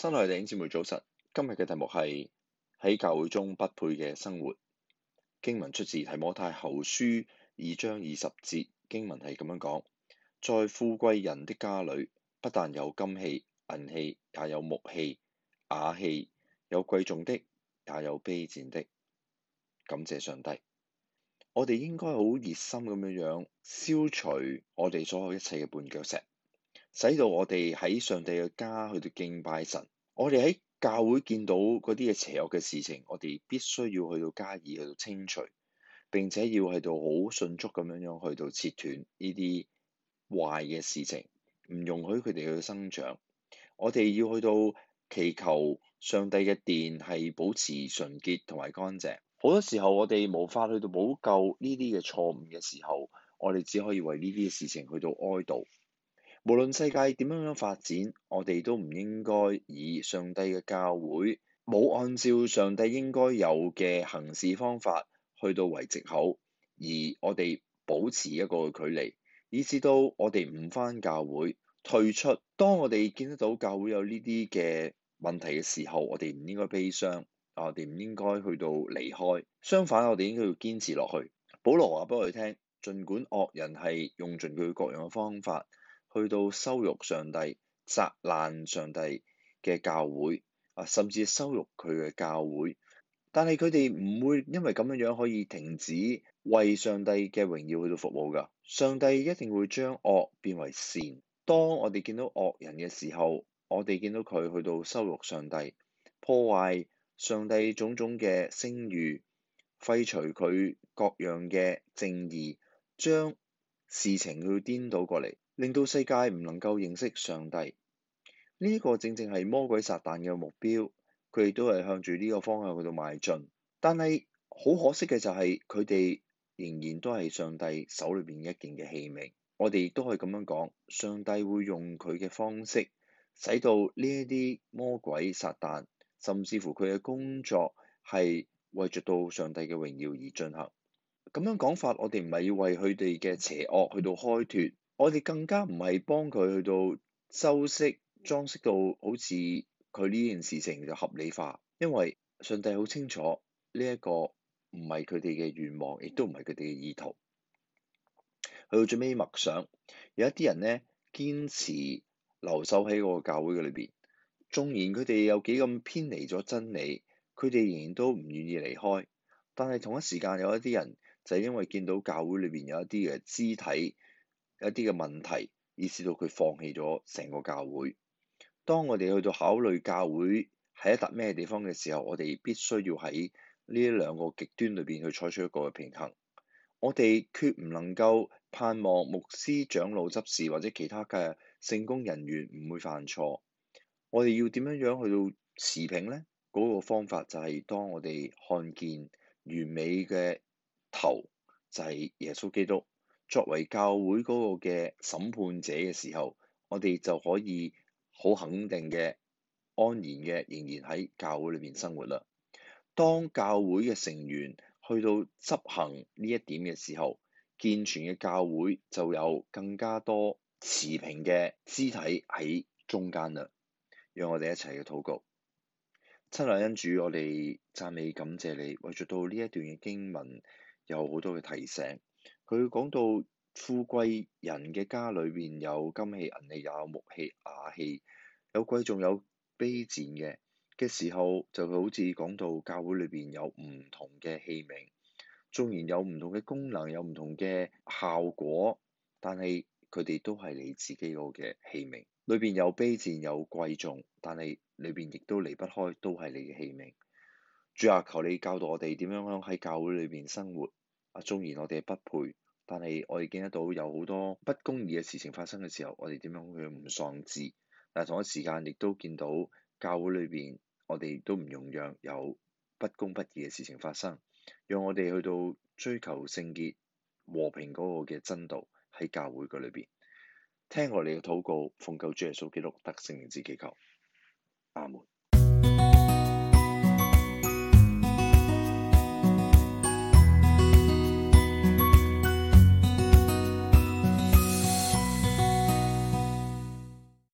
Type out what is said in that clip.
新愛弟兄姐妹早晨，今日嘅題目係喺教會中不配嘅生活。經文出自提摩太後書二章二十節，經文係咁樣講：在富貴人的家裏，不但有金器銀器，也有木器瓦器，有貴重的，也有卑賤的。感謝上帝，我哋應該好熱心咁樣樣消除我哋所有一切嘅絆腳石。使到我哋喺上帝嘅家去到敬拜神，我哋喺教會見到嗰啲嘅邪惡嘅事情，我哋必須要去到加以去到清除，並且要喺度好迅速咁樣樣去到切斷呢啲壞嘅事情，唔容許佢哋去到生長，我哋要去到祈求上帝嘅殿係保持純潔同埋乾淨，好多時候我哋無法去到補救呢啲嘅錯誤嘅時候，我哋只可以為呢啲嘅事情去到哀悼。無論世界點樣樣發展，我哋都唔應該以上帝嘅教會冇按照上帝應該有嘅行事方法去到為藉口，而我哋保持一個距離，以至到我哋唔返教會退出。當我哋見得到教會有呢啲嘅問題嘅時候，我哋唔應該悲傷，我哋唔應該去到離開。相反，我哋應該要堅持落去。保羅話俾我哋聽，盡管惡人係用盡佢各樣嘅方法。去到羞辱上帝、砸爛上帝嘅教會啊，甚至羞辱佢嘅教會。但係佢哋唔會因為咁樣樣可以停止為上帝嘅榮耀去到服務噶。上帝一定會將惡變為善。當我哋見到惡人嘅時候，我哋見到佢去到羞辱上帝、破壞上帝種種嘅聲譽、廢除佢各樣嘅正義、將事情去顛倒過嚟。令到世界唔能夠認識上帝，呢個正正係魔鬼撒旦嘅目標。佢哋都係向住呢個方向去到邁進，但係好可惜嘅就係佢哋仍然都係上帝手裏邊一件嘅器皿。我哋亦都可以咁樣講，上帝會用佢嘅方式，使到呢一啲魔鬼撒旦，甚至乎佢嘅工作係為着到上帝嘅榮耀而進行。咁樣講法，我哋唔係要為佢哋嘅邪惡去到開脱。我哋更加唔係幫佢去到修飾、裝飾到好似佢呢件事情就合理化，因為上帝好清楚呢一個唔係佢哋嘅願望，亦都唔係佢哋嘅意圖。去到最尾默想，有一啲人呢堅持留守喺嗰個教會嘅裏邊，縱然佢哋有幾咁偏離咗真理，佢哋仍然都唔願意離開。但係同一時間有一啲人就係因為見到教會裏邊有一啲嘅肢體，一啲嘅問題，以致到佢放棄咗成個教會。當我哋去到考慮教會喺一笪咩地方嘅時候，我哋必須要喺呢兩個極端裏邊去採取一個嘅平衡。我哋決唔能夠盼望牧師、長老、執事或者其他嘅聖工人員唔會犯錯。我哋要點樣樣去到持平咧？嗰、那個方法就係當我哋看見完美嘅頭就係、是、耶穌基督。作為教會嗰個嘅審判者嘅時候，我哋就可以好肯定嘅、安然嘅，仍然喺教會裏面生活啦。當教會嘅成員去到執行呢一點嘅時候，健全嘅教會就有更加多持平嘅肢體喺中間啦。讓我哋一齊去禱告。親愛恩主，我哋讚美感謝你，為著到呢一段嘅經文。有好多嘅提醒，佢講到富貴人嘅家裏邊有金器、銀器、又有木器、瓦器，有貴重有卑賤嘅嘅時候，就好似講到教會裏邊有唔同嘅器皿，縱然有唔同嘅功能、有唔同嘅效果，但係佢哋都係你自己個嘅器皿，裏邊有卑賤有貴重，但係裏邊亦都離不開，都係你嘅器皿。主啊，求你教導我哋點樣喺喺教會裏邊生活。啊，縱然我哋不配，但係我哋見得到有好多不公義嘅事情發生嘅時候，我哋點樣去唔喪志？但、啊、同一時間，亦都見到教會裏邊，我哋亦都唔容讓有不公不義嘅事情發生，讓我哋去到追求聖潔、和平嗰個嘅真道喺教會嗰裏邊。聽我哋嘅禱告，奉救主耶穌基督得聖靈之祈求。阿門。